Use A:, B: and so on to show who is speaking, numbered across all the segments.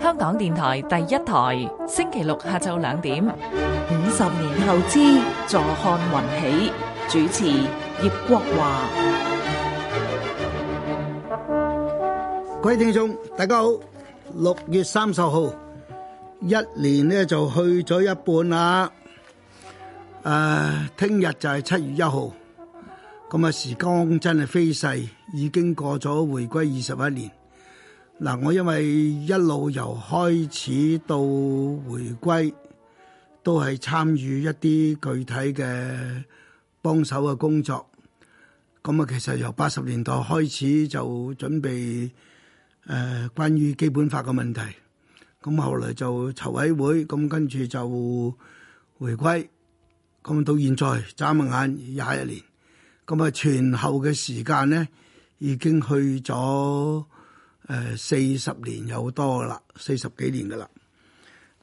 A: 香港電台第一台星期六下晝兩點五十年後之坐看雲起主持葉國華已經過咗回歸二十一年，嗱，我因為一路由開始到回歸，都係參與一啲具體嘅幫手嘅工作。咁啊，其實由八十年代開始就準備誒關於基本法嘅問題。咁後嚟就籌委會，咁跟住就回歸。咁到現在眨下眼廿一年，咁啊，前後嘅時間咧～已經去咗誒四十年有多啦，四十幾年噶啦。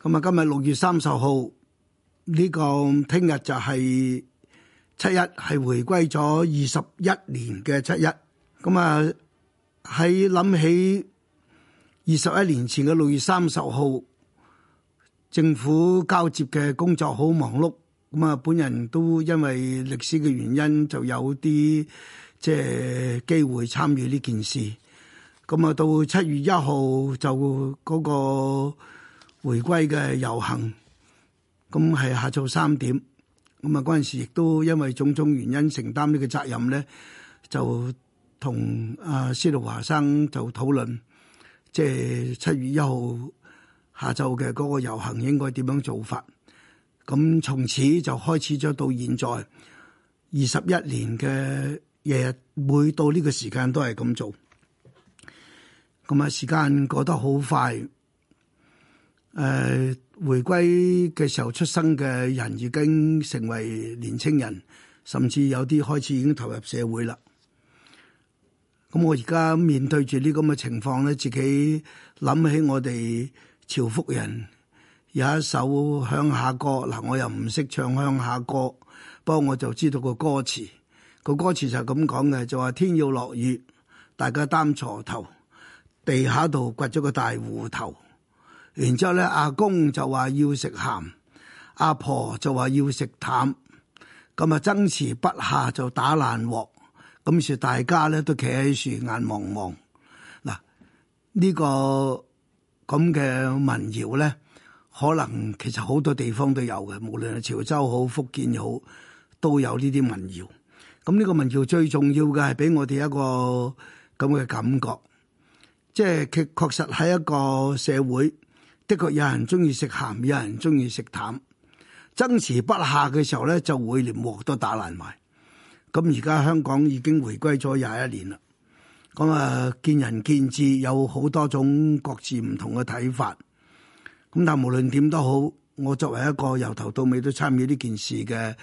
A: 咁啊，今日六月三十號呢個，聽日就係七一，係回歸咗二十一年嘅七一。咁、嗯、啊，喺諗起二十一年前嘅六月三十號，政府交接嘅工作好忙碌。咁啊，本人都因為歷史嘅原因就有啲。即係機會參與呢件事，咁、嗯、啊，到七月一號就嗰個回歸嘅遊行，咁、嗯、係下晝三點。咁啊嗰陣時亦都因為種種原因承擔呢個責任咧，就同阿司徒華先生就討論，即係七月一號下晝嘅嗰個遊行應該點樣做法。咁、嗯、從此就開始咗，到現在二十一年嘅。日日每到呢個時間都係咁做，咁啊時間過得好快。誒、呃，回歸嘅時候出生嘅人已經成為年青人，甚至有啲開始已經投入社會啦。咁我而家面對住呢咁嘅情況咧，自己諗起我哋潮福人有一首鄉下歌，嗱我又唔識唱鄉下歌，不過我就知道個歌詞。個歌詞就係咁講嘅，就話天要落雨，大家擔鋤頭，地下度掘咗個大芋頭。然之後咧，阿公就話要食鹹，阿婆就話要食淡，咁啊爭持不下就打爛鑊。咁說大家咧都企喺樹眼望望嗱，呢個咁嘅民謠咧，可能其實好多地方都有嘅，無論係潮州好、福建好，都有呢啲民謠。咁呢個民調最重要嘅係俾我哋一個咁嘅感覺，即係佢確實係一個社會，的確有人鍾意食鹹，有人鍾意食淡，爭持不下嘅時候咧，就會連鑊都打爛埋。咁而家香港已經回歸咗廿一年啦，咁、嗯、啊見仁見智，有好多種各自唔同嘅睇法。咁但無論點都好，我作為一個由頭到尾都參與呢件事嘅，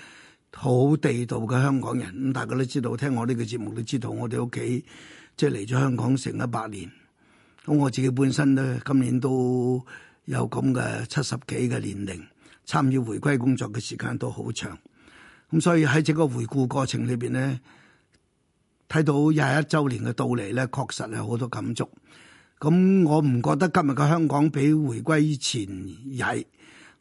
A: 好地道嘅香港人，咁大家都知道，聽我呢個節目都知道，我哋屋企即係嚟咗香港成一百年。咁我自己本身咧，今年都有咁嘅七十幾嘅年齡，參與回歸工作嘅時間都好長。咁所以喺整個回顧過程裏邊咧，睇到廿一週年嘅到嚟咧，確實係好多感觸。咁我唔覺得今日嘅香港比回歸前曳，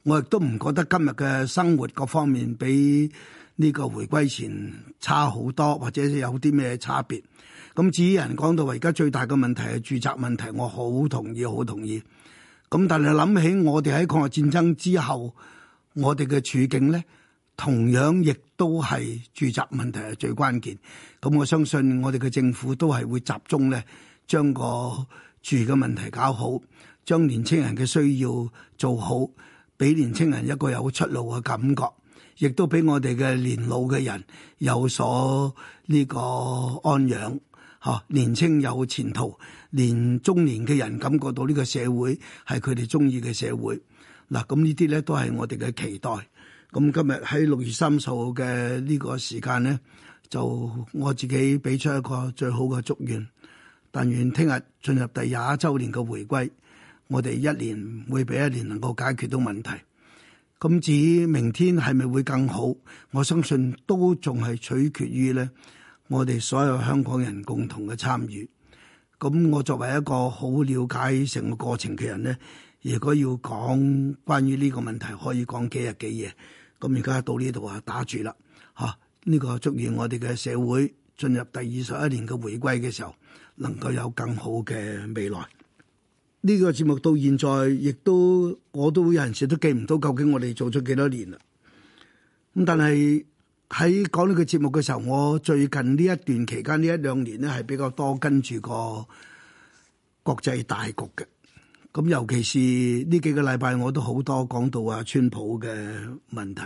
A: 我亦都唔覺得今日嘅生活各方面比。呢個回歸前差好多，或者有啲咩差別？咁至於有人講到而家最大嘅問題係住宅問題，我好同意，好同意。咁但係諗起我哋喺抗日戰爭之後，我哋嘅處境咧，同樣亦都係住宅問題係最關鍵，咁我相信我哋嘅政府都係會集中咧，將個住嘅問題搞好，將年青人嘅需要做好，俾年青人一個有出路嘅感覺。亦都俾我哋嘅年老嘅人有所呢個安養，嚇年青有前途，連中年嘅人感覺到呢個社會係佢哋鍾意嘅社會。嗱，咁呢啲咧都係我哋嘅期待。咁今日喺六月三十號嘅呢個時間咧，就我自己俾出一個最好嘅祝願。但願聽日進入第廿一週年嘅回歸，我哋一年會比一年能夠解決到問題。咁至於明天係咪會更好，我相信都仲係取決於咧，我哋所有香港人共同嘅參與。咁我作為一個好了解成個過程嘅人咧，如果要講關於呢個問題，可以講幾日幾夜。咁而家到呢度啊，打住啦嚇！呢個祝願我哋嘅社會進入第二十一年嘅回歸嘅時候，能夠有更好嘅未來。呢個節目到現在，亦都我都會有陣時都記唔到究竟我哋做咗幾多年啦。咁但係喺講呢個節目嘅時候，我最近呢一段期間呢一兩年咧係比較多跟住個國際大局嘅。咁尤其是呢幾個禮拜，我都好多講到啊川普嘅問題。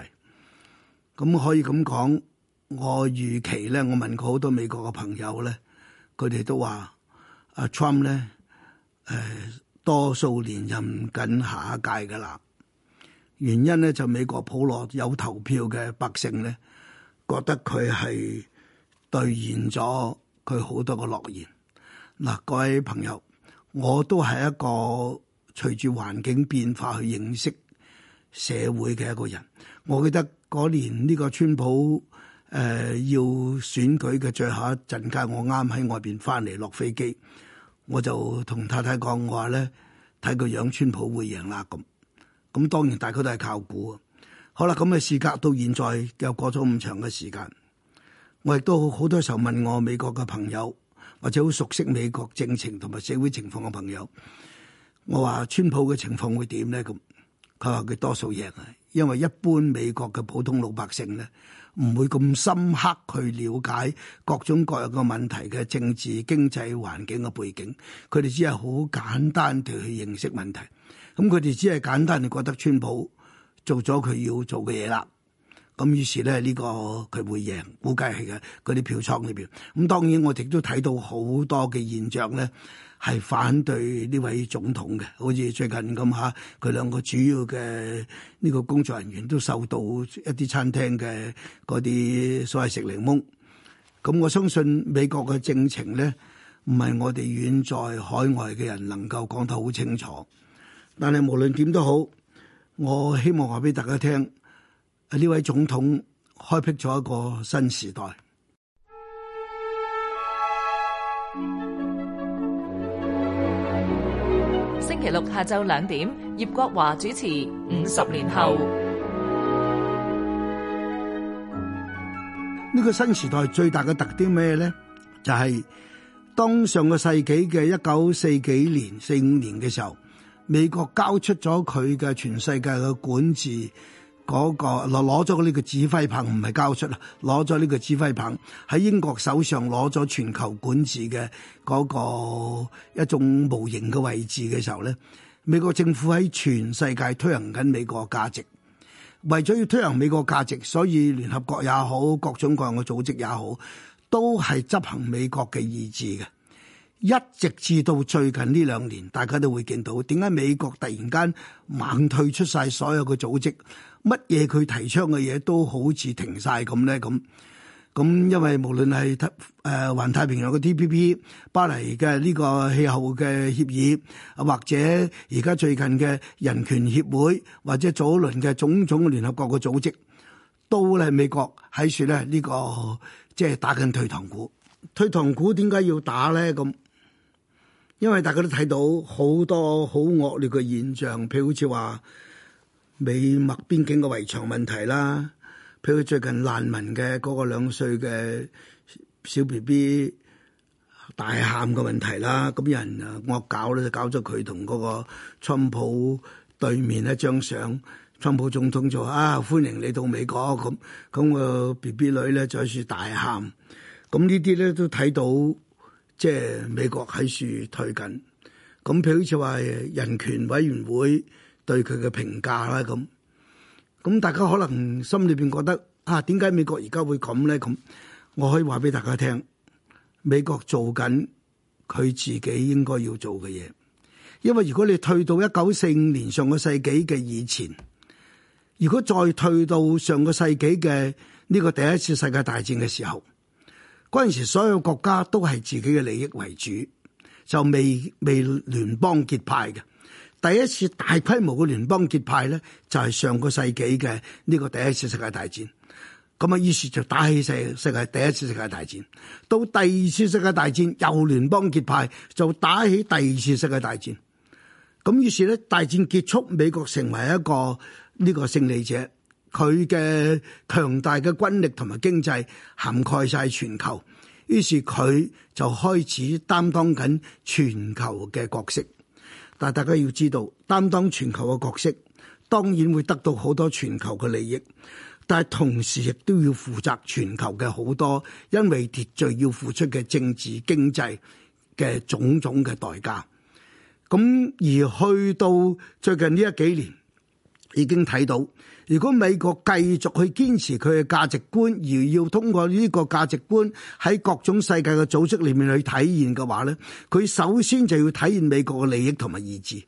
A: 咁可以咁講，我預期咧，我問過好多美國嘅朋友咧，佢哋都話阿 Trump 咧，誒。呃多數連任緊下一屆嘅啦，原因咧就美國普羅有投票嘅百姓咧，覺得佢係兌現咗佢好多個諾言。嗱，各位朋友，我都係一個隨住環境變化去認識社會嘅一個人。我記得嗰年呢個川普誒、呃、要選舉嘅最後一陣間，我啱喺外邊翻嚟落飛機。我就同太太講，我話咧，睇佢樣，川普會贏啦。咁咁當然大家都係靠估。好啦，咁嘅事隔到現在又過咗咁長嘅時間，我亦都好多時候問我美國嘅朋友或者好熟悉美國政情同埋社會情況嘅朋友，我話川普嘅情況會點咧？咁佢話佢多數贏啊，因為一般美國嘅普通老百姓咧。唔會咁深刻去了解各種各樣嘅問題、嘅政治經濟環境嘅背景，佢哋只係好簡單地去認識問題。咁佢哋只係簡單地覺得川普做咗佢要做嘅嘢啦。咁於是咧呢，這個佢會贏，估計係嘅嗰啲票倉裏邊。咁當然我哋都睇到好多嘅現象咧。係反對呢位總統嘅，好似最近咁吓，佢兩個主要嘅呢個工作人員都受到一啲餐廳嘅嗰啲所謂食檸檬。咁我相信美國嘅政情咧，唔係我哋遠在海外嘅人能夠講得好清楚。但係無論點都好，我希望話俾大家聽，呢位總統開闢咗一個新時代。星期六下晝兩點，葉國華主持《五十年後》。呢個新時代最大嘅特點咩咧？就係、是、當上個世紀嘅一九四幾年、四五年嘅時候，美國交出咗佢嘅全世界嘅管治。嗰個攞攞咗呢個指揮棒唔係交出啦，攞咗呢個指揮棒喺英國手上攞咗全球管治嘅嗰個一種模型嘅位置嘅時候咧，美國政府喺全世界推行緊美國價值，為咗要推行美國價值，所以聯合國也好，各種各樣嘅組織也好，都係執行美國嘅意志嘅。一直至到最近呢兩年，大家都會見到點解美國突然間猛退出晒所有嘅組織，乜嘢佢提倡嘅嘢都好似停晒咁咧？咁咁因為無論係誒環太平洋嘅 T P P、巴黎嘅呢個氣候嘅協議，啊，或者而家最近嘅人權協會，或者早輪嘅種種聯合國嘅組織，都係美國喺說咧呢、呢個即係、呃、打緊退堂鼓。退堂鼓點解要打咧？咁因為大家都睇到好多好惡劣嘅現象，譬如好似話美墨邊境嘅圍牆問題啦，譬如最近難民嘅嗰個兩歲嘅小 B B 大喊嘅問題啦，咁有人啊惡搞咧，就搞咗佢同嗰個川普對面一張相，川普總統就啊歡迎你到美國，咁咁、嗰個 B B 女咧就喺度大喊，咁呢啲咧都睇到。即係美國喺處退緊，咁譬如好似話人權委員會對佢嘅評價啦，咁咁大家可能心裏邊覺得啊，點解美國而家會咁咧？咁我可以話俾大家聽，美國做緊佢自己應該要做嘅嘢，因為如果你退到一九四五年上個世紀嘅以前，如果再退到上個世紀嘅呢個第一次世界大戰嘅時候。嗰陣時，所有國家都係自己嘅利益為主，就未未聯邦結派嘅。第一次大規模嘅聯邦結派咧，就係、是、上個世紀嘅呢個第一次世界大戰，咁啊，於是就打起世世界第一次世界大戰，到第二次世界大戰又聯邦結派，就打起第二次世界大戰，咁於是咧，大戰結束，美國成為一個呢、這個勝利者。佢嘅強大嘅軍力同埋經濟涵蓋晒全球，於是佢就開始擔當緊全球嘅角色。但大家要知道，擔當全球嘅角色當然會得到好多全球嘅利益，但係同時亦都要負責全球嘅好多因為秩序要付出嘅政治經濟嘅種種嘅代價。咁而去到最近呢一幾年，已經睇到。如果美國繼續去堅持佢嘅價值觀，而要通過呢個價值觀喺各種世界嘅組織裏面去體現嘅話咧，佢首先就要體現美國嘅利益同埋意志。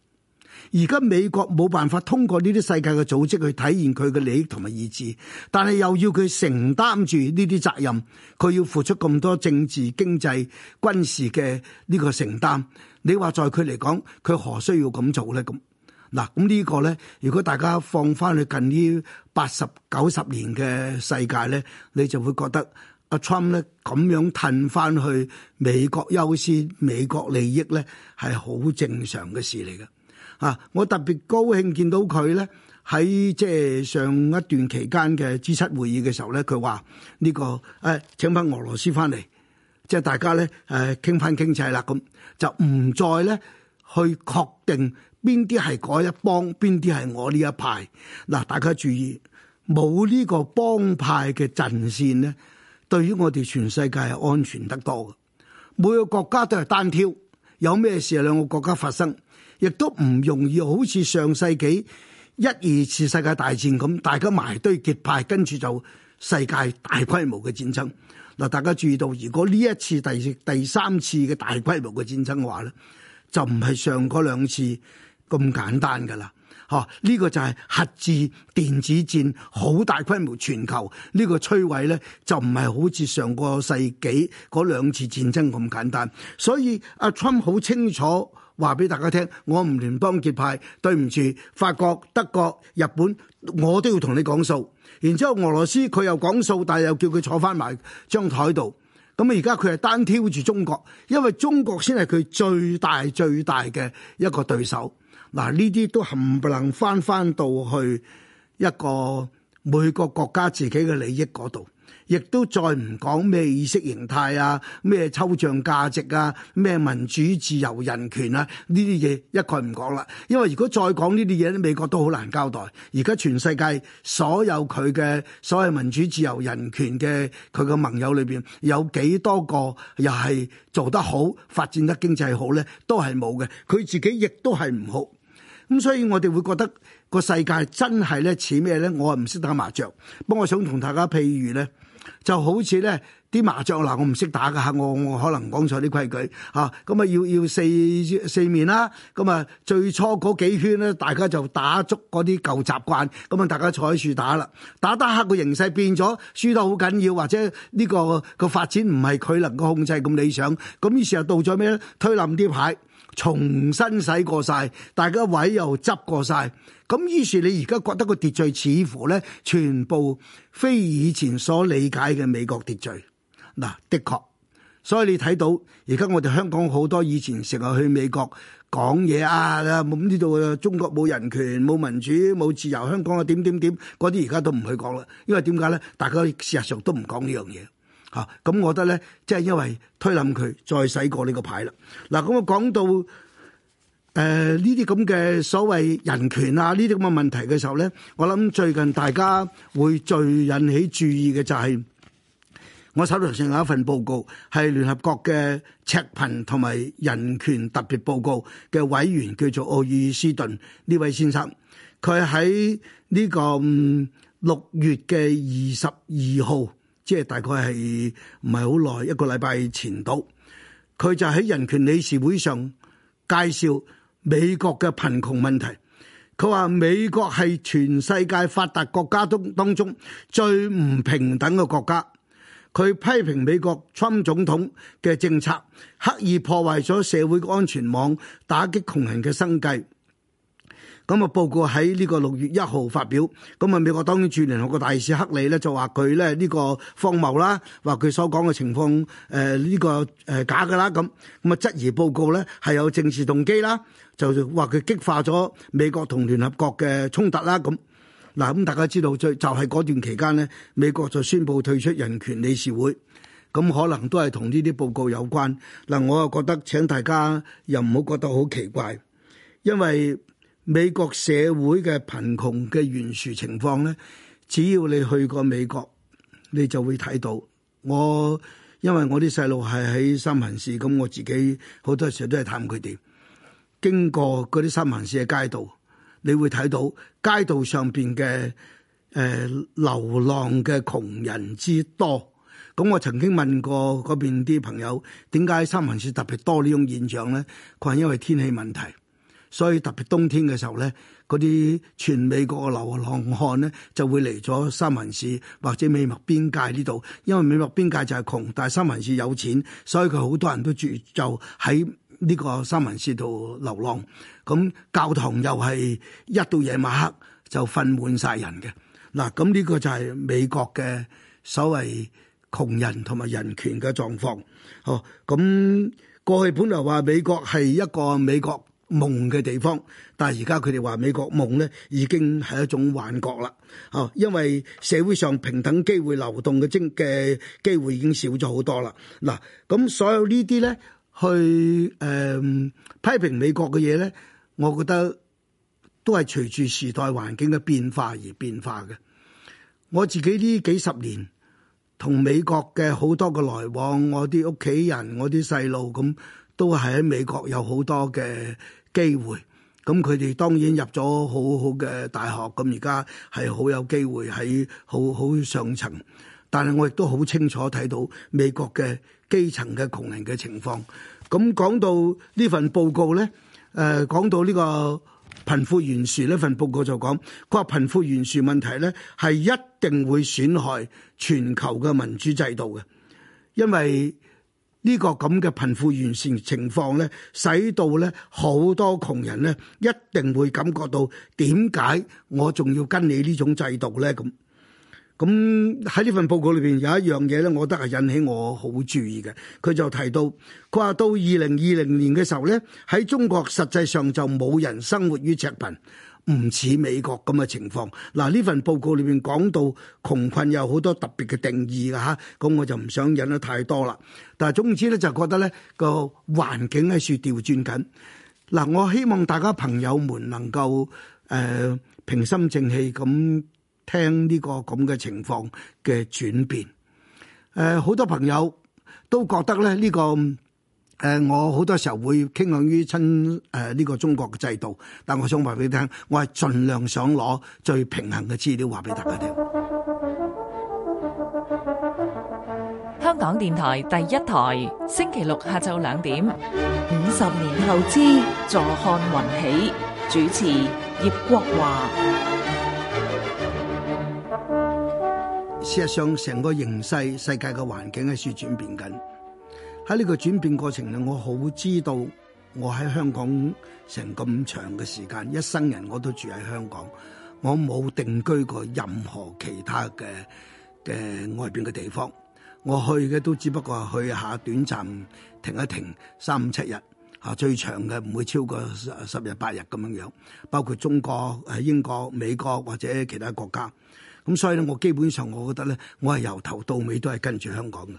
A: 而家美國冇辦法通過呢啲世界嘅組織去體現佢嘅利益同埋意志，但係又要佢承擔住呢啲責任，佢要付出咁多政治、經濟、軍事嘅呢個承擔。你話在佢嚟講，佢何需要咁做咧？咁？嗱，咁呢、這個咧，如果大家放翻去近呢八十九十年嘅世界咧，你就會覺得阿 Trump 咧咁樣褪翻去美國優先、美國利益咧係好正常嘅事嚟嘅。啊，我特別高興見到佢咧喺即係上一段期間嘅 G7 會議嘅時候咧，佢話呢個誒、哎、請翻俄羅斯翻嚟，即係大家咧誒傾翻傾砌啦，咁就唔再咧去確定。邊啲係嗰一幫，邊啲係我呢一派？嗱，大家注意，冇呢個幫派嘅陣線咧，對於我哋全世界係安全得多嘅。每個國家都係單挑，有咩事兩個國家發生，亦都唔容易。好似上世紀一二次世界大戰咁，大家埋堆結派，跟住就世界大規模嘅戰爭。嗱，大家注意到，如果呢一次第第三次嘅大規模嘅戰爭嘅話咧，就唔係上嗰兩次。咁簡單噶啦，嗬、啊？呢、這個就係核子、電子戰，好大規模全球呢個摧毀咧，就唔係好似上個世紀嗰兩次戰爭咁簡單。所以阿 Trump 好清楚話俾大家聽：我唔聯邦結派，對唔住法國、德國、日本，我都要同你講數。然之後俄羅斯佢又講數，但係又叫佢坐翻埋張台度。咁啊，而家佢係單挑住中國，因為中國先係佢最大、最大嘅一個對手。嗱，呢啲都冚唪唥翻翻到去一個每個國家自己嘅利益嗰度，亦都再唔講咩意識形態啊、咩抽象價值啊、咩民主自由人權啊呢啲嘢，一概唔講啦。因為如果再講呢啲嘢咧，美國都好難交代。而家全世界所有佢嘅所謂民主自由人權嘅佢嘅盟友裏邊有幾多個又係做得好、發展得經濟好咧？都係冇嘅。佢自己亦都係唔好。咁所以我哋會覺得個世界真係咧似咩咧？我唔識打麻雀，不過我想同大家譬如咧，就好似咧啲麻雀嗱，我唔識打㗎，我我可能講錯啲規矩嚇。咁啊要要四四面啦，咁啊最初嗰幾圈咧，大家就打足嗰啲舊習慣，咁啊大家坐喺處打啦。打得黑，個形勢變咗，輸得好緊要，或者呢個個發展唔係佢能夠控制咁理想，咁於是又到咗咩咧？推冧啲牌。重新洗過晒，大家位又執過晒。咁於是你而家覺得個秩序似乎咧，全部非以前所理解嘅美國秩序。嗱、啊，的確，所以你睇到而家我哋香港好多以前成日去美國講嘢啊，咁呢度中國冇人權、冇民主、冇自由，香港啊點點點嗰啲而家都唔去講啦，因為點解咧？大家事實上都唔講呢樣嘢。吓，咁、啊、我覺得咧，即係因為推冧佢再洗過呢個牌啦。嗱、啊，咁我講到誒呢啲咁嘅所謂人權啊，呢啲咁嘅問題嘅時候咧，我諗最近大家會最引起注意嘅就係、是、我手頭上有一份報告，係聯合國嘅赤貧同埋人權特別報告嘅委員叫做奧爾斯頓呢位先生，佢喺呢個六、嗯、月嘅二十二號。即係大概係唔係好耐，一個禮拜前到，佢就喺人權理事會上介紹美國嘅貧窮問題。佢話美國係全世界發達國家中當中最唔平等嘅國家。佢批評美國特朗普總統嘅政策，刻意破壞咗社會安全網打擊窮，打擊窮人嘅生計。咁啊！報告喺呢個六月一號發表，咁啊，美國當局駐聯合國大使克里咧就話佢咧呢個荒謬啦，話佢所講嘅情況誒呢、呃這個誒、呃、假嘅啦咁，咁啊質疑報告咧係有政治動機啦，就話佢激化咗美國同聯合國嘅衝突啦咁嗱。咁大家知道最就係嗰段期間呢，美國就宣布退出人權理事會，咁可能都係同呢啲報告有關嗱。我又覺得請大家又唔好覺得好奇怪，因為。美國社會嘅貧窮嘅懸殊情況咧，只要你去過美國，你就會睇到。我因為我啲細路係喺三藩市，咁我自己好多時候都係探佢哋。經過嗰啲三藩市嘅街道，你會睇到街道上邊嘅誒流浪嘅窮人之多。咁我曾經問過嗰邊啲朋友，點解三藩市特別多呢種現象咧？佢話因為天氣問題。所以特別冬天嘅時候咧，嗰啲全美國嘅流浪漢咧就會嚟咗三文市或者美墨邊界呢度，因為美墨邊界就係窮，但係三文市有錢，所以佢好多人都住就喺呢個三文市度流浪。咁教堂又係一到夜晚黑就瞓滿晒人嘅。嗱，咁呢個就係美國嘅所謂窮人同埋人權嘅狀況。哦，咁過去本來話美國係一個美國夢嘅地方，但係而家佢哋話美國夢咧已經係一種幻覺啦，哦，因為社會上平等機會流動嘅精嘅機會已經少咗好多啦。嗱，咁所有呢啲咧去誒、呃、批評美國嘅嘢咧，我覺得都係隨住時代環境嘅變化而變化嘅。我自己呢幾十年同美國嘅好多嘅來往，我啲屋企人，我啲細路咁。都係喺美國有好多嘅機會，咁佢哋當然入咗好好嘅大學，咁而家係好有機會喺好好上層。但係我亦都好清楚睇到美國嘅基層嘅窮人嘅情況。咁講到呢份報告咧，誒、呃、講到呢個貧富懸殊呢份報告就講，佢話貧富懸殊問題咧係一定會損害全球嘅民主制度嘅，因為。呢個咁嘅貧富懸殊情況咧，使到咧好多窮人咧，一定會感覺到點解我仲要跟你呢種制度咧？咁咁喺呢份報告裏邊有一樣嘢咧，我覺得係引起我好注意嘅。佢就提到佢話到二零二零年嘅時候咧，喺中國實際上就冇人生活於赤貧。唔似美國咁嘅情況。嗱，呢份報告裏邊講到窮困有好多特別嘅定義㗎吓，咁我就唔想引得太多啦。但係總之咧，就覺得咧個環境喺處調轉緊。嗱，我希望大家朋友們能夠誒平心靜氣咁聽呢個咁嘅情況嘅轉變。誒，好多朋友都覺得咧呢個。誒、呃，我好多時候會傾向於親誒呢個中國嘅制度，但我想話俾你聽，我係盡量想攞最平衡嘅資料話俾大家聽。香港電台第一台，星期六下晝兩點，五十年後之坐看雲起，主持葉國華。事實上，成個形勢，世界嘅環境喺處轉變緊。喺呢個轉變過程咧，我好知道我喺香港成咁長嘅時間，一生人我都住喺香港，我冇定居過任何其他嘅嘅外邊嘅地方。我去嘅都只不過去下短暫停一停，三五七日嚇，最長嘅唔會超過十日八日咁樣樣。包括中國、英國、美國或者其他國家。咁所以咧，我基本上我覺得咧，我係由頭到尾都係跟住香港嘅。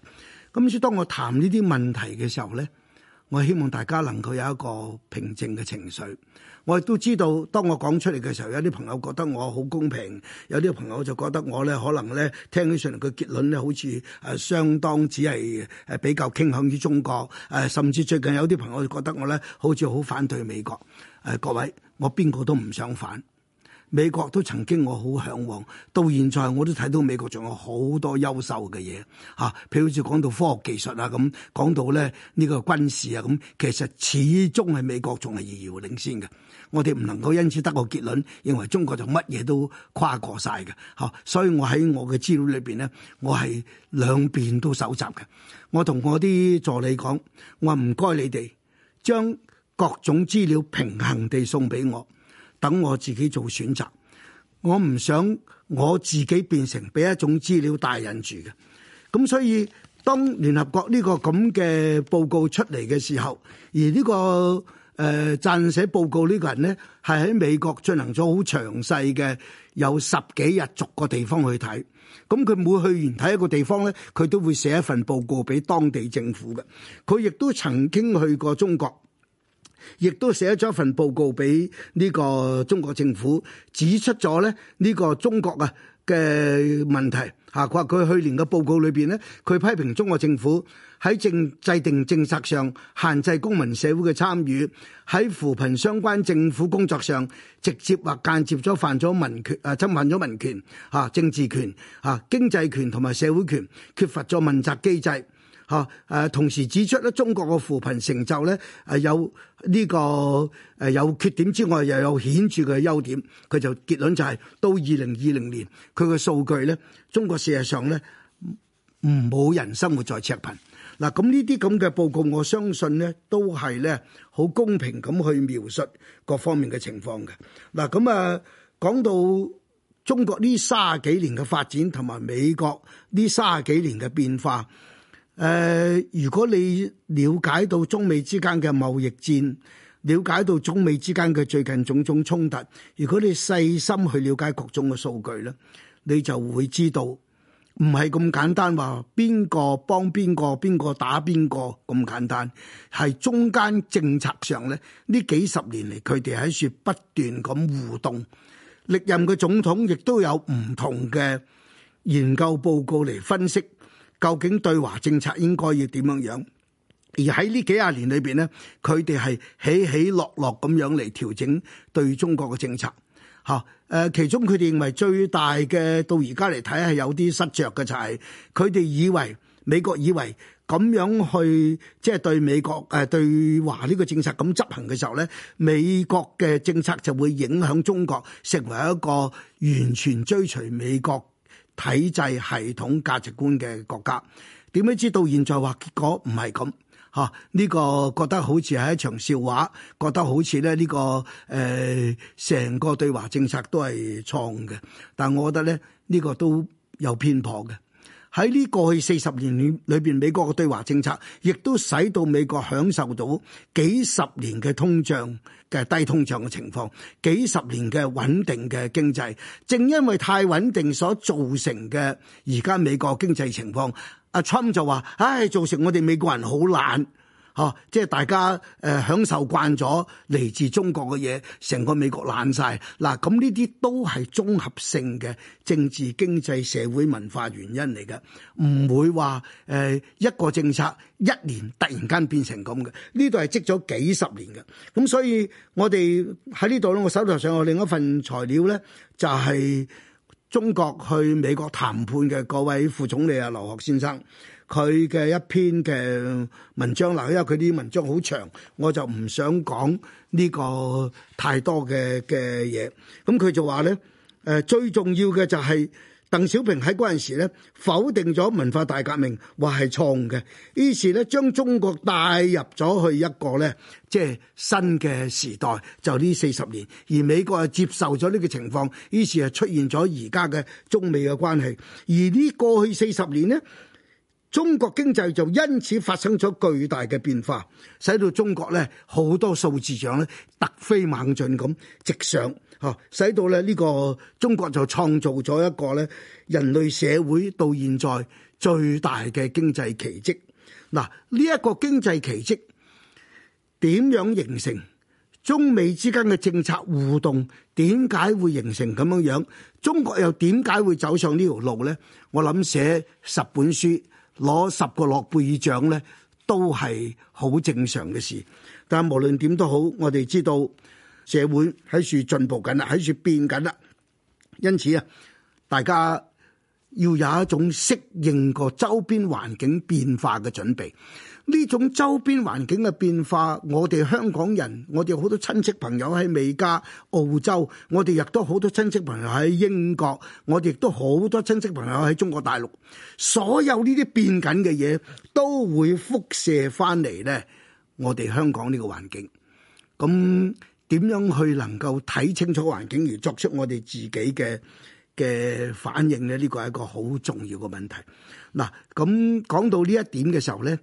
A: 咁所以，當我談呢啲問題嘅時候咧，我希望大家能夠有一個平靜嘅情緒。我亦都知道，當我講出嚟嘅時候，有啲朋友覺得我好公平，有啲朋友就覺得我咧可能咧聽起上嚟嘅結論咧，好似誒相當只係誒比較傾向於中國誒，甚至最近有啲朋友就覺得我咧好似好反對美國誒。各位，我邊個都唔想反。美國都曾經我好向往，到現在我都睇到美國仲有好多優秀嘅嘢，嚇、啊，譬如好似講到科學技術啊咁，講到咧呢個軍事啊咁，其實始終係美國仲係遙遙領先嘅。我哋唔能夠因此得個結論，認為中國就乜嘢都跨過晒嘅，嚇、啊。所以我喺我嘅資料裏邊咧，我係兩邊都搜集嘅。我同我啲助理講，我話唔該你哋將各種資料平衡地送俾我。等我自己做選擇，我唔想我自己變成俾一種資料帶引住嘅。咁所以當聯合國呢個咁嘅報告出嚟嘅時候，而呢個誒、呃、撰寫報告呢個人咧，係喺美國進行咗好詳細嘅，有十幾日逐個地方去睇。咁佢每去完睇一個地方咧，佢都會寫一份報告俾當地政府嘅。佢亦都曾經去過中國。亦都寫咗份報告俾呢個中國政府，指出咗咧呢個中國啊嘅問題。吓佢話佢去年嘅報告裏邊咧，佢批評中國政府喺政制定政策上限制公民社會嘅參與，喺扶貧相關政府工作上直接或間接咗犯咗民權啊，侵犯咗民權啊，政治權啊，經濟權同埋社會權，缺乏咗問責機制。嚇！誒同時指出咧，中國嘅扶貧成就咧、這個，係有呢個誒有缺點之外，又有顯著嘅優點。佢就結論就係、是、到二零二零年，佢嘅數據咧，中國事實上咧唔冇人生活在赤貧。嗱，咁呢啲咁嘅報告，我相信咧都係咧好公平咁去描述各方面嘅情況嘅。嗱，咁啊講到中國呢卅幾年嘅發展，同埋美國呢卅幾年嘅變化。誒、呃，如果你了解到中美之間嘅貿易戰，了解到中美之間嘅最近種種衝突，如果你細心去了解各種嘅數據咧，你就會知道唔係咁簡單話邊個幫邊個，邊個打邊個咁簡單，係中間政策上咧，呢幾十年嚟，佢哋喺處不斷咁互動，歷任嘅總統亦都有唔同嘅研究報告嚟分析。究竟對華政策應該要點樣樣？而喺呢幾廿年裏邊咧，佢哋係起起落落咁樣嚟調整對中國嘅政策。嚇、啊，誒、呃，其中佢哋認為最大嘅到而家嚟睇係有啲失著嘅就係佢哋以為美國以為咁樣去即係、就是、對美國誒、呃、對華呢個政策咁執行嘅時候咧，美國嘅政策就會影響中國成為一個完全追隨美國。體制、系統、價值觀嘅國家，點樣知道現在話結果唔係咁？嚇呢、這個覺得好似係一場笑話，覺得好似咧呢個誒成、呃、個對華政策都係錯誤嘅。但係我覺得咧，呢、這個都有偏頗嘅。喺呢過去四十年裏裏邊，美國嘅對華政策亦都使到美國享受到幾十年嘅通脹嘅低通脹嘅情況，幾十年嘅穩定嘅經濟。正因為太穩定所造成嘅而家美國經濟情況，阿 Trump 就話：唉，造成我哋美國人好懶。哦，即係大家誒、呃、享受慣咗嚟自中國嘅嘢，成個美國爛晒。嗱。咁呢啲都係綜合性嘅政治、經濟、社會、文化原因嚟嘅，唔會話誒、呃、一個政策一年突然間變成咁嘅。呢度係積咗幾十年嘅。咁所以我哋喺呢度咧，我手頭上有另一份材料咧，就係、是、中國去美國談判嘅各位副總理啊，劉鶴先生。佢嘅一篇嘅文章嗱，因為佢啲文章好長，我就唔想講呢個太多嘅嘅嘢。咁佢就話咧，誒、呃、最重要嘅就係、是、鄧小平喺嗰陣時咧否定咗文化大革命，話係錯誤嘅。於是咧將中國帶入咗去一個咧即係新嘅時代，就呢四十年。而美國啊接受咗呢個情況，於是係出現咗而家嘅中美嘅關係，而呢過去四十年咧。中國經濟就因此發生咗巨大嘅變化，使到中國咧好多數字上咧突飛猛進咁直上，嚇！使到咧呢個中國就創造咗一個咧人類社會到現在最大嘅經濟奇蹟。嗱，呢、這、一個經濟奇蹟點樣形成？中美之間嘅政策互動點解會形成咁樣樣？中國又點解會走上呢條路呢？我諗寫十本書。攞十個諾貝爾獎咧，都係好正常嘅事。但無論點都好，我哋知道社會喺處進步緊啦，喺處變緊啦。因此啊，大家，要有一種適應個周邊環境變化嘅準備，呢種周邊環境嘅變化，我哋香港人，我哋好多親戚朋友喺美加、澳洲，我哋亦都好多親戚朋友喺英國，我哋亦都好多親戚朋友喺中國大陸，所有呢啲變緊嘅嘢都會輻射翻嚟咧，我哋香港呢個環境，咁點樣去能夠睇清楚環境而作出我哋自己嘅嘅反應咧，呢個係一個好重要嘅問題。嗱，咁講到呢一點嘅時候咧，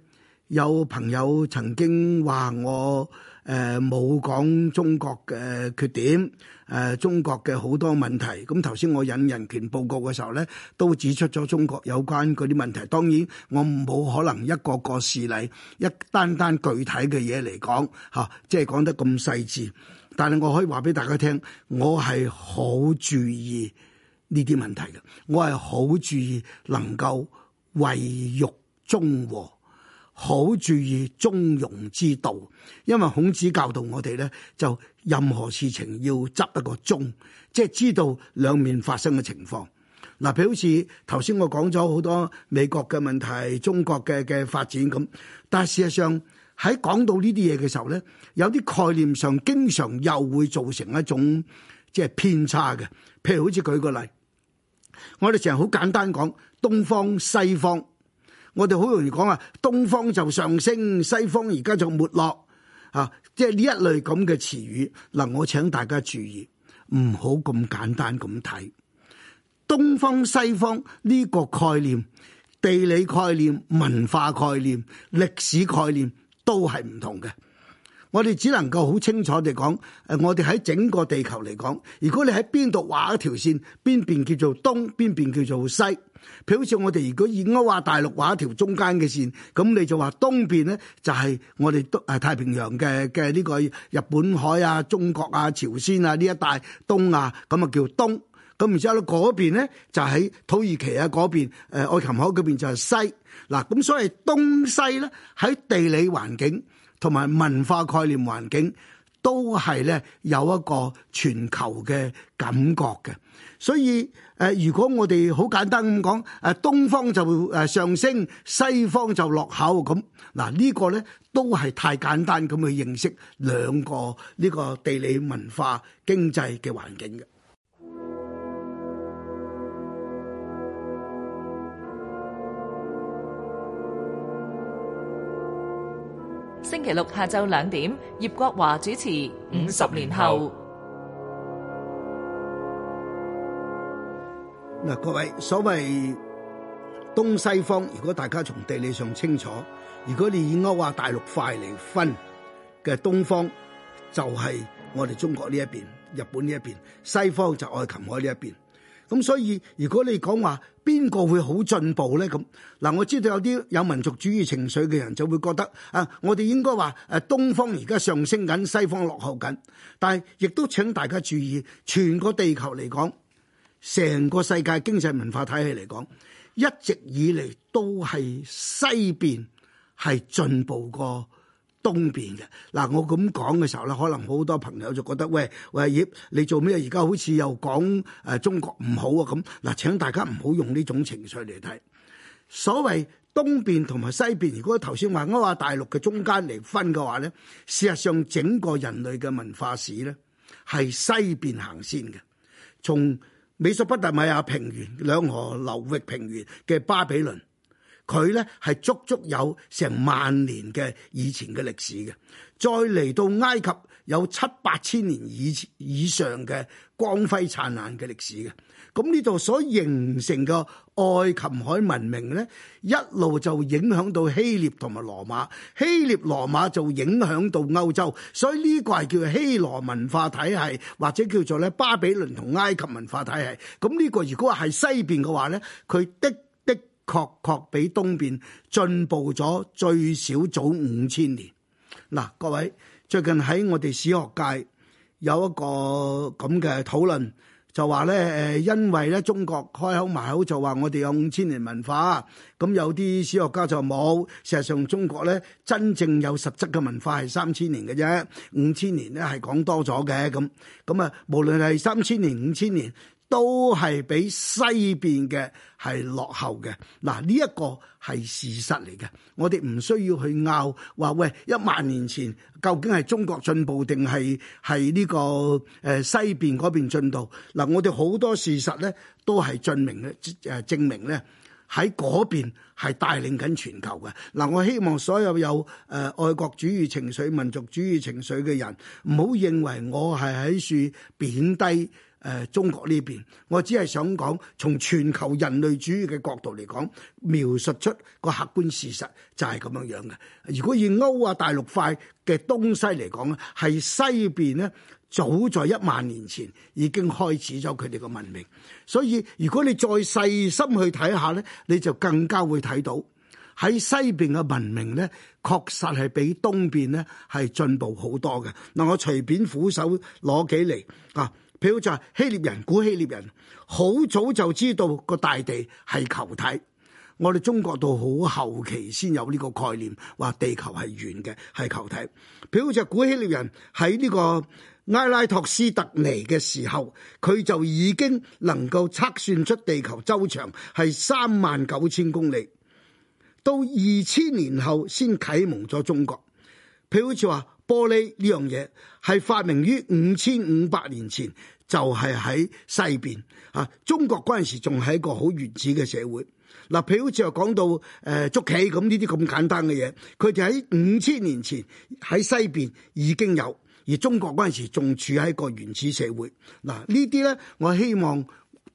A: 有朋友曾經話我誒冇、呃、講中國嘅缺點，誒、呃、中國嘅好多問題。咁頭先我引人權報告嘅時候咧，都指出咗中國有關嗰啲問題。當然我冇可能一個個事例一單單具體嘅嘢嚟講嚇，即係講得咁細緻。但係我可以話俾大家聽，我係好注意。呢啲問題嘅，我係好注意能夠為欲中和，好注意中庸之道。因為孔子教導我哋咧，就任何事情要執一個中，即係知道兩面發生嘅情況，嗱，譬如好似頭先我講咗好多美國嘅問題，中國嘅嘅發展咁，但係事實上喺講到呢啲嘢嘅時候咧，有啲概念上經常又會造成一種，即係偏差嘅。譬如好似舉個例。我哋成日好簡單講東方西方，我哋好容易講啊東方就上升，西方而家就沒落啊，即係呢一類咁嘅詞語。嗱，我請大家注意，唔好咁簡單咁睇東方西方呢個概念，地理概念，文化概念，歷史概念都係唔同嘅。我哋只能夠好清楚地講，誒，我哋喺整個地球嚟講，如果你喺邊度畫一條線，邊邊叫做東，邊邊叫做西，譬如好似我哋如果以歐亞大陸畫一條中間嘅線，咁你就話東邊咧就係、是、我哋東誒太平洋嘅嘅呢個日本海啊、中國啊、朝鮮啊呢一帶東亞咁啊叫東，咁然之後咧嗰邊咧就喺土耳其啊嗰邊，誒愛琴海嗰邊就係西，嗱咁所謂東西咧喺地理環境。同埋文化概念環境都係咧有一個全球嘅感覺嘅，所以誒、呃、如果我哋好簡單咁講誒東方就誒上升，西方就落口咁。嗱、這個、呢個咧都係太簡單咁去認識兩個呢個地理文化經濟嘅環境嘅。星期六下晝兩點，葉國華主持。五十年後，嗱， 各位所謂東西方，如果大家從地理上清楚，如果你以歐亞大陸塊嚟分嘅東方，就係我哋中國呢一邊，日本呢一邊；西方就係愛琴海呢一邊。咁所以如果你講話邊個會好進步咧？咁嗱，我知道有啲有民族主義情緒嘅人就會覺得啊，我哋應該話誒，東方而家上升緊，西方落後緊。但係亦都請大家注意，全個地球嚟講，成個世界經濟文化體系嚟講，一直以嚟都係西邊係進步過。東邊嘅。嗱，我咁講嘅時候咧，可能好多朋友就覺得，喂喂葉，你做咩而家好似又講誒、呃、中國唔好啊咁嗱？請大家唔好用呢種情緒嚟睇。所謂東邊同埋西邊，如果頭先話歐亞大陸嘅中間嚟分嘅話咧，事實上整個人類嘅文化史咧係西邊行先嘅，從美索不達米亞平原、兩河流域平原嘅巴比倫。佢呢係足足有成萬年嘅以前嘅歷史嘅，再嚟到埃及有七八千年以以上嘅光輝燦爛嘅歷史嘅，咁呢度所形成嘅愛琴海文明呢，一路就影響到希臘同埋羅馬，希臘羅馬就影響到歐洲，所以呢個係叫做希羅文化體系，或者叫做咧巴比倫同埃及文化體系。咁呢個如果係西邊嘅話呢，佢的。確確比東邊進步咗最少早五千年。嗱，各位，最近喺我哋史學界有一個咁嘅討論，就話咧，誒，因為咧中國開口埋口就話我哋有五千年文化，咁有啲史學家就冇，事實上中國咧真正有實質嘅文化係三千年嘅啫，五千年咧係講多咗嘅咁。咁啊，無論係三千年、五千年。都係比西邊嘅係落後嘅，嗱呢一個係事實嚟嘅，我哋唔需要去拗話喂，一萬年前究竟係中國進步定係係呢個誒西邊嗰邊進步？嗱，我哋好多事實咧都係、呃、證明咧誒證明咧喺嗰邊係帶領緊全球嘅。嗱，我希望所有有誒、呃、愛國主義情緒、民族主義情緒嘅人，唔好認為我係喺處貶低。誒、呃、中國呢邊，我只係想講，從全球人類主義嘅角度嚟講，描述出個客觀事實就係、是、咁樣樣嘅。如果以歐亞大陸塊嘅東西嚟講咧，係西邊咧，早在一萬年前已經開始咗佢哋嘅文明。所以如果你再細心去睇下咧，你就更加會睇到喺西邊嘅文明咧，確實係比東邊咧係進步好多嘅。嗱，我隨便撫手攞幾嚟啊！譬如就係希臘人，古希臘人好早就知道個大地係球體。我哋中國到好後期先有呢個概念，話地球係圓嘅，係球體。譬如就係古希臘人喺呢個埃拉托斯特尼嘅時候，佢就已經能夠測算出地球周長係三萬九千公里。到二千年後先啟蒙咗中國。譬如好似話。玻璃呢樣嘢係發明於五千五百年前，就係、是、喺西邊啊！中國嗰陣時仲係一個好原始嘅社會。嗱、啊，譬如好似又講到誒捉棋咁呢啲咁簡單嘅嘢，佢哋喺五千年前喺西邊已經有，而中國嗰陣時仲處喺一個原始社會。嗱、啊，呢啲咧，我希望。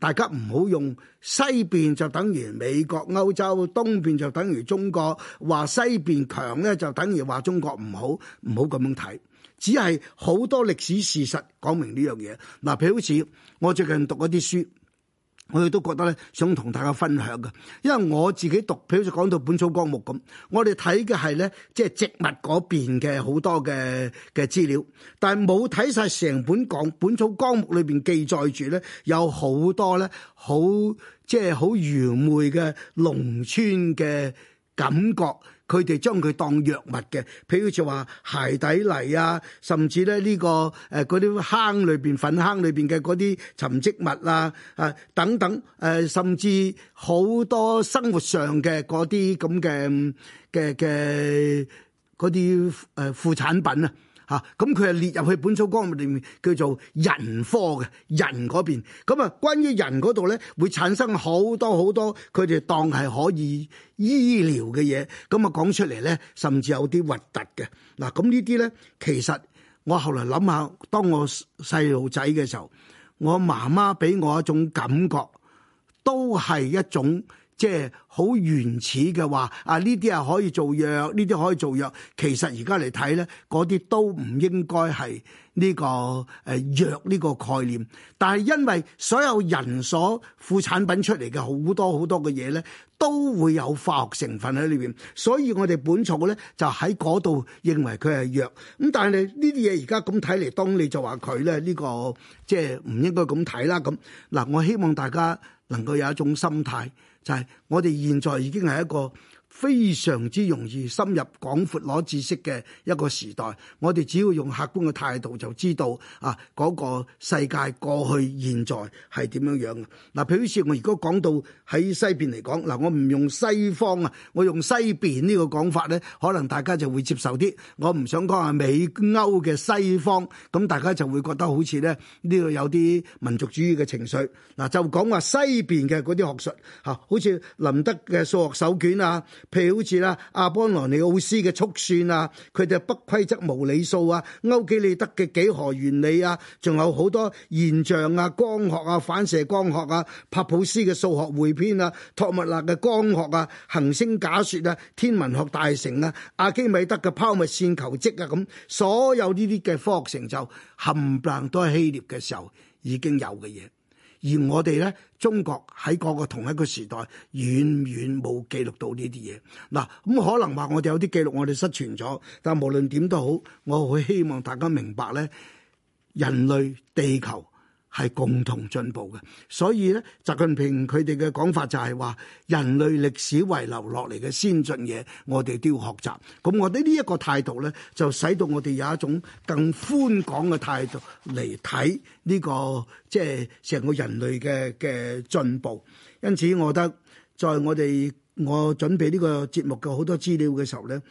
A: 大家唔好用西邊就等於美國歐洲，東邊就等於中國。話西邊強咧就等於話中國唔好，唔好咁樣睇。只係好多歷史事實講明呢樣嘢。嗱，譬如好似我最近讀一啲書。我哋都覺得咧，想同大家分享嘅，因為我自己讀，譬如好似講到《本草綱目》咁，我哋睇嘅係咧，即係植物嗰邊嘅好多嘅嘅資料，但係冇睇晒成本講《本草綱目》裏邊記載住咧，有好多咧，好即係好愚昧嘅農村嘅感覺。佢哋將佢當藥物嘅，譬如就話鞋底泥啊，甚至咧、這、呢個誒嗰啲坑裏邊、粉坑裏邊嘅嗰啲沉積物啊，誒、啊、等等誒、呃，甚至好多生活上嘅嗰啲咁嘅嘅嘅啲誒副產品啊。啊！咁佢係列入去《本草綱目》裏面叫做人科嘅人嗰邊咁啊、嗯。關於人嗰度咧，會產生好多好多佢哋當係可以醫療嘅嘢咁啊，講、嗯、出嚟咧，甚至有啲核突嘅嗱。咁、啊嗯、呢啲咧，其實我後來諗下，當我細路仔嘅時候，我媽媽俾我一種感覺，都係一種。即係好原始嘅話，啊呢啲係可以做藥，呢啲可以做藥。其實而家嚟睇咧，嗰啲都唔應該係呢、呢個誒、呃、藥呢個概念。但係因為所有人所副產品出嚟嘅好多好多嘅嘢咧，都會有化學成分喺裏邊，所以我哋本草咧就喺嗰度認為佢係藥咁。但係呢啲嘢而家咁睇嚟，當你就話佢咧呢、呢個即係唔應該咁睇啦。咁嗱，我希望大家能夠有一種心態。就係我哋現在已經係一個。非常之容易深入廣闊攞知識嘅一個時代，我哋只要用客觀嘅態度就知道啊嗰、那個世界過去現在係點樣樣嗱，譬、啊、如好似我如果講到喺西邊嚟講，嗱、啊、我唔用西方啊，我用西邊個呢個講法咧，可能大家就會接受啲。我唔想講係美歐嘅西方，咁大家就會覺得好似咧呢度有啲民族主義嘅情緒。嗱、啊，就講話西邊嘅嗰啲學術嚇、啊，好似林德嘅數學手卷啊。譬如好似啦，阿波羅尼奧斯嘅速算啊，佢哋不規則無理數啊，歐幾里德嘅幾何原理啊，仲有好多現象啊，光學啊，反射光學啊，帕普斯嘅數學匯編啊，托勒密嘅光學啊，行星假説啊，天文學大成啊，阿基米德嘅拋物線求積啊，咁所有呢啲嘅科學成就冚唪唥都喺希臘嘅時候已經有嘅嘢。而我哋咧，中國喺嗰個同一個時代，遠遠冇記錄到呢啲嘢。嗱，咁、嗯、可能話我哋有啲記錄我哋失傳咗。但無論點都好，我好希望大家明白咧，人類地球。係共同進步嘅，所以咧，習近平佢哋嘅講法就係話，人類歷史遺留落嚟嘅先進嘢，我哋都要學習。咁我哋呢一個態度咧，就使到我哋有一種更寬廣嘅態度嚟睇呢個即係成個人類嘅嘅進步。因此，我覺得在我哋我準備呢個節目嘅好多資料嘅時候咧，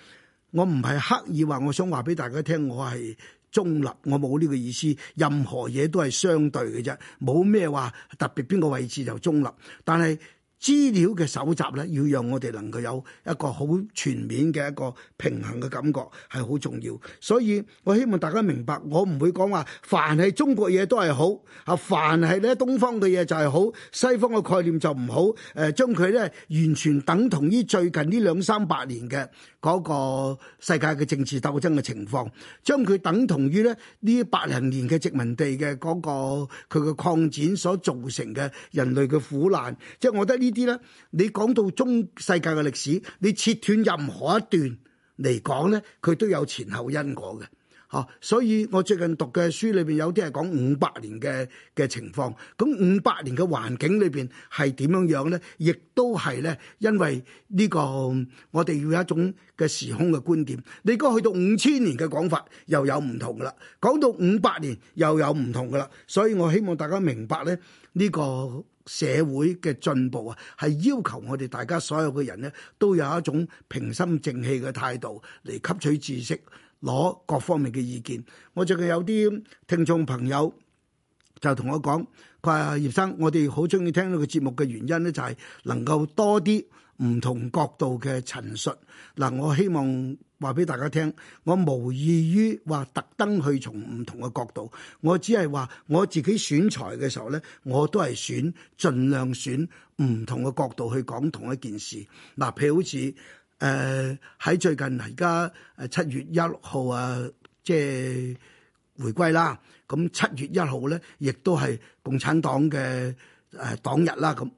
A: 我唔係刻意話我想話俾大家聽，我係。中立，我冇呢個意思。任何嘢都係相對嘅啫，冇咩話特別邊個位置就中立。但係。資料嘅搜集咧，要讓我哋能夠有一個好全面嘅一個平衡嘅感覺係好重要，所以我希望大家明白，我唔會講話凡係中國嘢都係好啊，凡係咧東方嘅嘢就係好，西方嘅概念就唔好，誒、呃、將佢咧完全等同於最近呢兩三百年嘅嗰個世界嘅政治鬥爭嘅情況，將佢等同於咧呢一百零年嘅殖民地嘅嗰、嗰個佢嘅擴展所造成嘅人類嘅苦難，即係我覺得呢。呢啲咧，你講到中世界嘅歷史，你切斷任何一段嚟講咧，佢都有前後因果嘅，吓。所以我最近讀嘅書裏邊有啲係講五百年嘅嘅情況，咁五百年嘅環境裏邊係點樣樣咧？亦都係咧，因為呢、呢個，我哋要有一種嘅時空嘅觀點。你講去到五千年嘅講法又有唔同㗎喇，講到五百年又有唔同噶啦。所以我希望大家明白咧呢、呢個。社會嘅進步啊，係要求我哋大家所有嘅人咧，都有一種平心靜氣嘅態度嚟吸取知識，攞各方面嘅意見。我最近有啲聽眾朋友就同我講，佢話葉生，我哋好中意聽到個節目嘅原因咧，就係能夠多啲唔同角度嘅陳述。嗱，我希望。話俾大家聽，我無意於話特登去從唔同嘅角度，我只係話我自己選材嘅時候咧，我都係選，盡量選唔同嘅角度去講同一件事。嗱，譬如好似誒喺最近而家誒七月一號啊，即係回歸啦。咁七月一號咧，亦都係共產黨嘅誒、呃、黨日啦。咁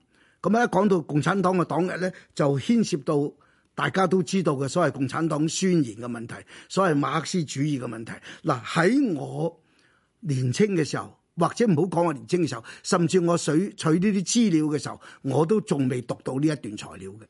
A: 咁一講到共產黨嘅黨日咧，就牽涉到。大家都知道嘅所謂共產黨宣言嘅問題，所謂馬克思主義嘅問題，嗱，喺我年青嘅時候，或者唔好講我年青嘅時候，甚至我取取呢啲資料嘅時候，我都仲未讀到呢一段材料嘅。